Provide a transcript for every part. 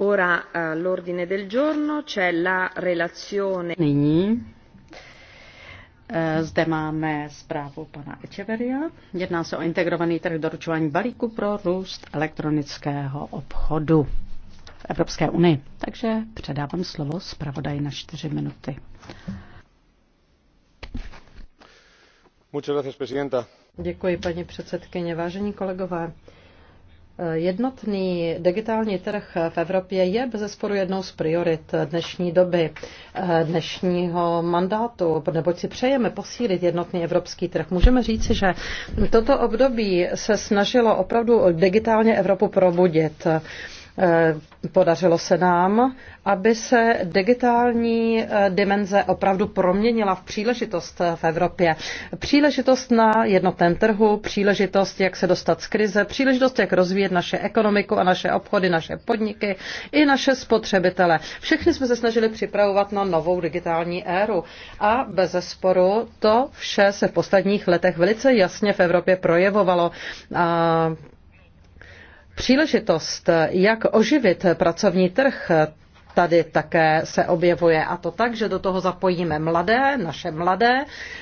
Eh, Nyní eh, zde máme zprávu pana Echeveria. Jedná se o integrovaný trh doručování balíku pro růst elektronického obchodu v Evropské unii. Takže předávám slovo zpravodaji na čtyři minuty. Děkuji, paní předsedkyně. Vážení kolegové, Jednotný digitální trh v Evropě je bezesporu jednou z priorit dnešní doby, eh, dnešního mandátu, neboť si přejeme posílit jednotný evropský trh. Můžeme říci, že toto období se snažilo opravdu digitálně Evropu probudit. Eh, podařilo se nám, aby se digitální eh, dimenze opravdu proměnila v příležitost v Evropě. Příležitost na jednotném trhu, příležitost, jak se dostat z krize, příležitost, jak rozvíjet naše ekonomiku a naše obchody, naše podniky i naše spotřebitele. Všechny jsme se snažili připravovat na novou digitální éru a bez zesporu to vše se v posledních letech velice jasně v Evropě projevovalo. A Příležitost, jak oživit pracovní trh, tady také se objevuje a to tak, že do toho zapojíme mladé, naše mladé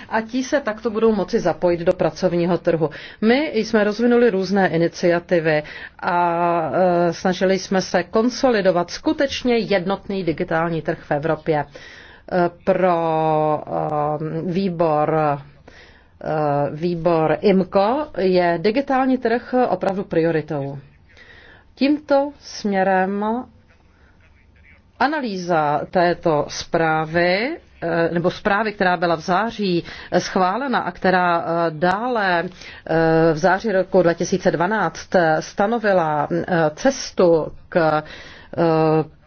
a ti se takto budou moci zapojit do pracovního trhu. My jsme rozvinuli různé iniciativy a e, snažili jsme se konsolidovat skutečně jednotný digitální trh v Evropě. E, pro e, výbor výbor IMCO je digitální trh opravdu prioritou. Tímto směrem analýza této zprávy eh, nebo zprávy, která byla v září eh, schválena a která eh, dále v září roku 2012 stanovila cestu k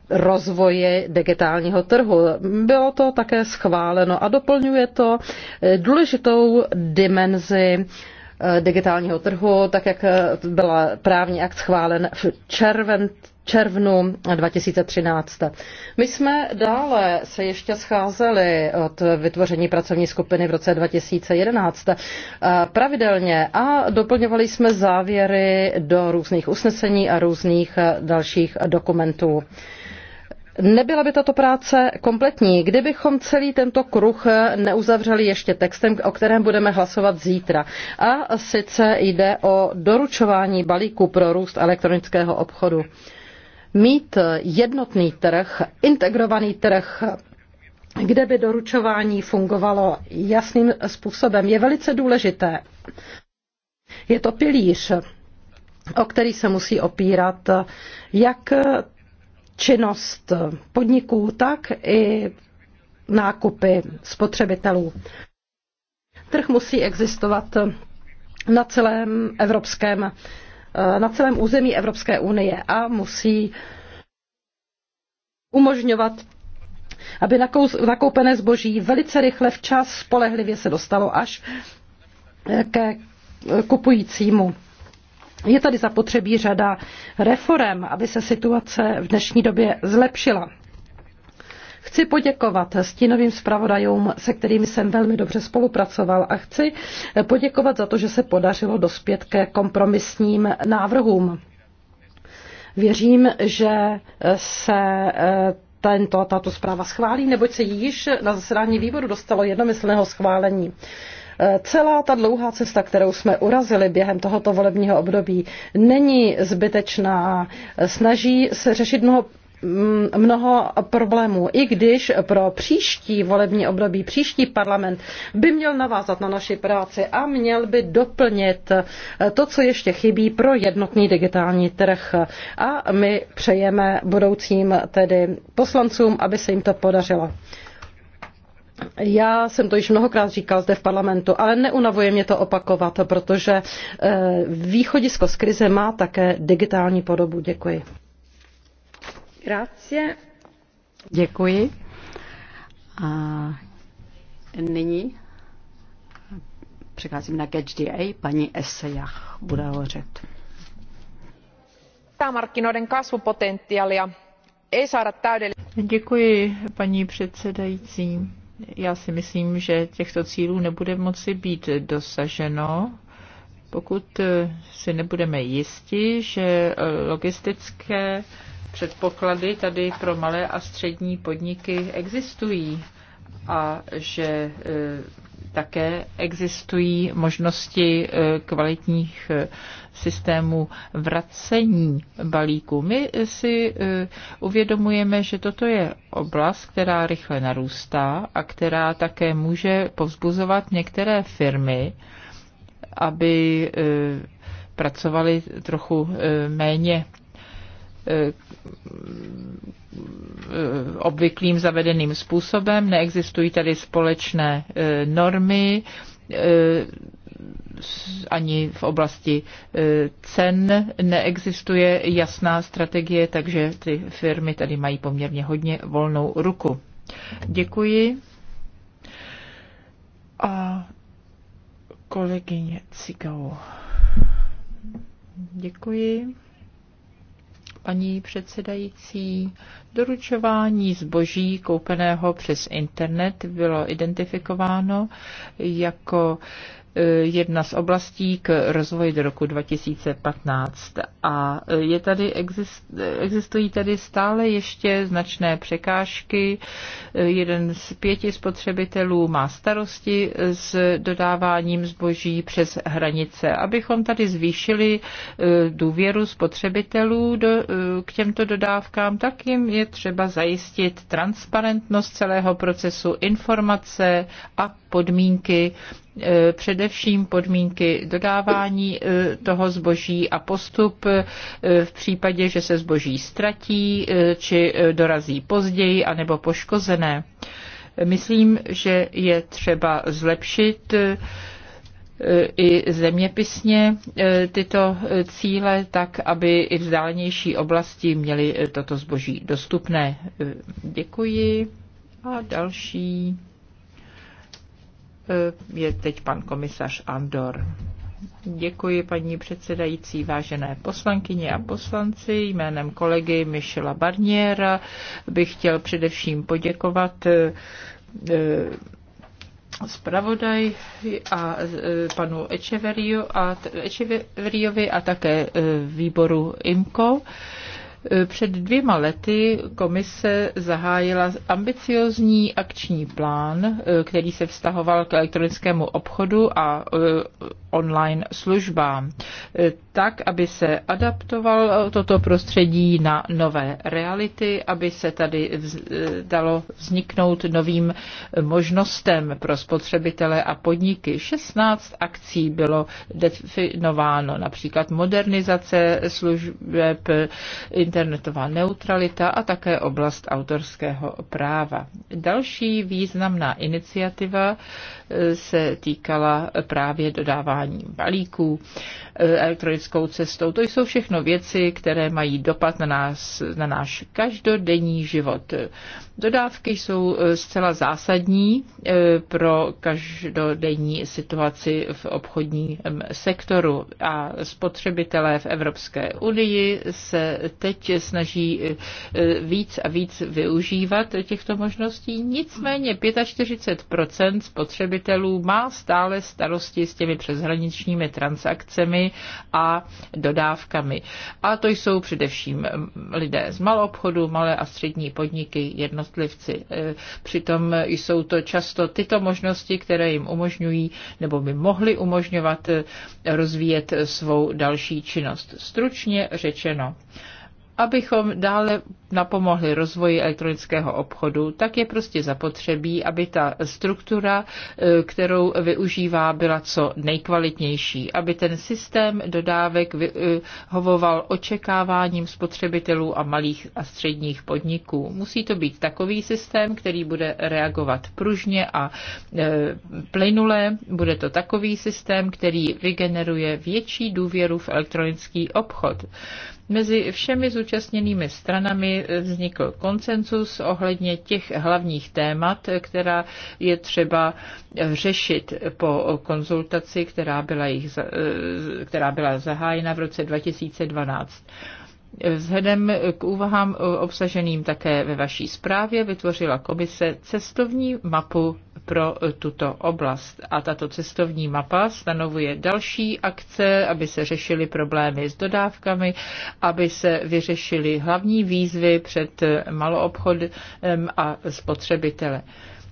rozvoji digitálního trhu. Bylo to také schváleno a doplňuje to důležitou dimenzi Eh, digitálního trhu, tak jak eh, byl právní akt schválen v červen, červnu 2013. My jsme dále se ještě scházeli od vytvoření pracovní skupiny v roce 2011 eh, pravidelně a doplňovali jsme závěry do různých usnesení a různých dalších dokumentů. Nebyla by tato práce kompletní, kdybychom celý tento kruh neuzavřeli ještě textem, o kterém budeme hlasovat zítra. A sice jde o doručování balíků pro růst elektronického obchodu. Mít jednotný trh, integrovaný trh, kde by doručování fungovalo jasným způsobem, je velice důležité. Je to pilíř, o který se musí opírat jak činnost podniků, tak i nákupy spotřebitelů. Trh musí existovat na celém evropském, na celém území Evropské unie a musí umožňovat aby nakoupené zboží velice rychle, včas, spolehlivě se dostalo až ke kupujícímu. Je tady zapotřebí řada reform, aby se situace v dnešní době zlepšila. Chci poděkovat stínovým zpravodajům, se kterými jsem velmi dobře spolupracoval a chci poděkovat za to, že se podařilo dospět ke kompromisním návrhům. Věřím, že se eh, tento, tato zpráva schválí, neboť se již na zasedání výboru dostalo jednomyslného schválení. Celá ta dlouhá cesta, kterou jsme urazili během tohoto volebního období, není zbytečná. Snaží se řešit mnoho mm, mnoho problémů, i když pro příští volební období, příští parlament by měl navázat na naši práci a měl by doplnit to, co ještě chybí pro jednotný digitální trh. A my přejeme budoucím tedy poslancům, aby se jim to podařilo já jsem to již mnohokrát říkal zde v parlamentu, ale neunavuje mě to opakovat, protože eh, východisko z krize má také digitální podobu. Děkuji. Grazie. Děkuji. A nyní přicházím na GDA. Paní Esejach bude hovořit. Děkuji, paní předsedající já si myslím, že těchto cílů nebude moci být dosaženo, pokud eh, si nebudeme jisti, že eh, logistické předpoklady tady pro malé a střední podniky existují a že eh, také existují možnosti eh, kvalitních eh, systémů vracení balíků. My si eh, uvědomujeme, že toto je oblast, která rychle narůstá a která také může povzbuzovat některé firmy, aby pracovali trochu méně Eh, obvyklým zavedeným způsobem, neexistují tady společné eh, normy, eh, ani v oblasti cen neexistuje jasná strategie, takže ty firmy tady mají poměrně hodně volnou ruku. Děkuji. A kolegyně Cigau. Děkuji paní předsedající. Doručování zboží koupeného přes internet bylo identifikováno jako Eh, jedna z oblastí k rozvoji do roku 2015. A eh, je tady, existují tady stále ještě značné překážky. Eh, jeden z pěti spotřebitelů má starosti s dodáváním zboží přes hranice. Abychom tady zvýšili důvěru spotřebitelů do, k těmto dodávkám, tak jim je třeba zajistit transparentnost celého procesu informace a podmínky, eh, především podmínky dodávání eh, toho zboží a postup eh, v případě, že se zboží ztratí či dorazí později anebo poškozené. Myslím, že je třeba zlepšit i zeměpisně tyto cíle, tak aby i vzdálenější oblasti měly toto zboží dostupné. Děkuji. A další je teď pan komisař Andor. Děkuji paní předsedající, vážené poslankyně a poslanci. Jménem kolegy Michela Barniera bych chtěl především poděkovat eh, eh, zpravodaj a eh, panu Echeveriovi a, Echeveriovi a také výboru IMCO Eh, před dvěma lety komise zahájila ambiciozní akční plán, eh, který se vztahoval k elektronickému obchodu a eh, online službám, tak, aby se adaptoval toto prostředí na nové reality, aby se tady vz, dalo vzniknout novým možnostem pro spotřebitele a podniky. 16 akcí bylo definováno, například modernizace služeb, internetová neutralita a také oblast autorského práva. Další významná iniciativa eh, se týkala právě dodávání balíků eh, elektronickou cestou. To jsou všechno věci, které mají dopad na, nás, na náš každodenní život. Dodávky jsou eh, zcela zásadní pro každodenní situaci v obchodním sektoru a spotřebitelé v Evropské unii se teď teď snaží eh, eh, víc a víc využívat těchto možností. Nicméně 45 spotřebitelů má stále starosti s těmi přeshraničními transakcemi a dodávkami. A to jsou především lidé z malobchodu, malé a střední podniky, jednotlivci. Eh, přitom jsou to často tyto možnosti, které jim umožňují nebo by mohly umožňovat rozvíjet svou další činnost. Stručně řečeno, abychom dále napomohli rozvoji elektronického obchodu, tak je prostě zapotřebí, aby ta struktura, e, kterou využívá, byla co nejkvalitnější, aby ten systém dodávek hovoval očekáváním spotřebitelů a malých a středních podniků. Musí to být takový systém, který bude reagovat pružně a e, plynule, bude to takový systém, který vygeneruje větší důvěru v elektronický obchod. Mezi všemi zúčastněnými stranami eh, vznikl konsenzus ohledně těch hlavních témat, která je třeba eh, řešit po konzultaci, která byla, jich, eh, která byla zahájena v roce 2012. Vzhledem k úvahám obsaženým také ve vaší zprávě vytvořila komise cestovní mapu pro e, tuto oblast. A tato cestovní mapa stanovuje další akce, aby se řešily problémy s dodávkami, aby se vyřešily hlavní výzvy před e, maloobchodem a spotřebitele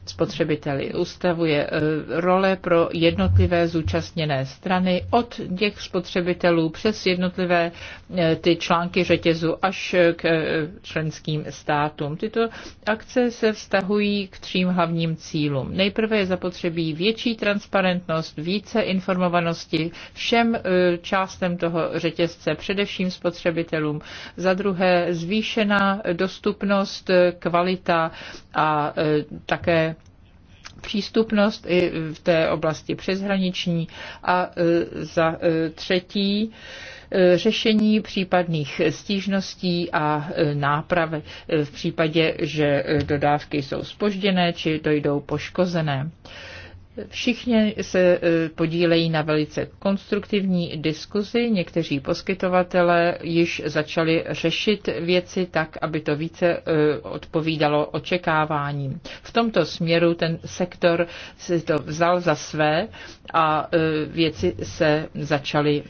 spotřebiteli. Ustavuje eh, role pro jednotlivé zúčastněné strany od těch spotřebitelů přes jednotlivé eh, ty články řetězu až eh, k členským státům. Tyto akce se vztahují k třím hlavním cílům. Nejprve je zapotřebí větší transparentnost, více informovanosti všem částem toho řetězce, především spotřebitelům. Za druhé zvýšená dostupnost, kvalita a také přístupnost i v té oblasti přeshraniční a e, za e, třetí e, řešení případných stížností a nápravy v případě, že dodávky jsou spožděné či dojdou poškozené. Všichni se e, podílejí na velice konstruktivní diskuzi. Někteří poskytovatelé již začali řešit věci tak, aby to více e, odpovídalo očekáváním. V tomto směru ten sektor si to vzal za své a e, věci se začaly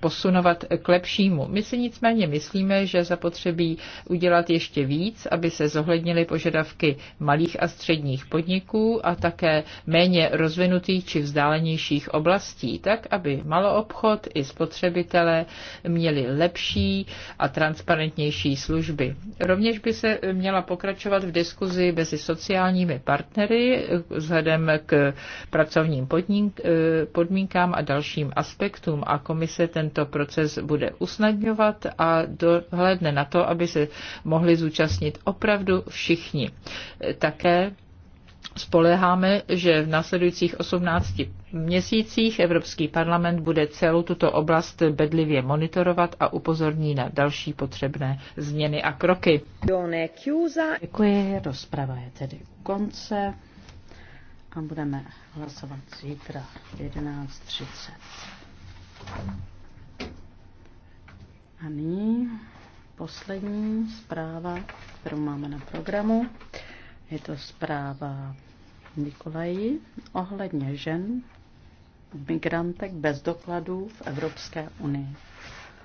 posunovat k lepšímu. My si nicméně myslíme, že zapotřebí udělat ještě víc, aby se zohlednily požadavky malých a středních podniků a také méně rozhodnutí rozvinutých či vzdálenějších oblastí, tak aby maloobchod i spotřebitelé měli lepší a transparentnější služby. Rovněž by se měla pokračovat v diskuzi mezi sociálními partnery vzhledem k pracovním eh, podmínkám a dalším aspektům a komise tento proces bude usnadňovat a dohledne na to, aby se mohli zúčastnit opravdu všichni. Také spoleháme, že v následujících 18 měsících Evropský parlament bude celou tuto oblast bedlivě monitorovat a upozorní na další potřebné změny a kroky. Děkuji, rozprava je tedy u konce a budeme hlasovat zítra 11.30. A nyní poslední zpráva, kterou máme na programu. Je to zpráva Nikolaji ohledně žen migrantek bez dokladů v Evropské unii.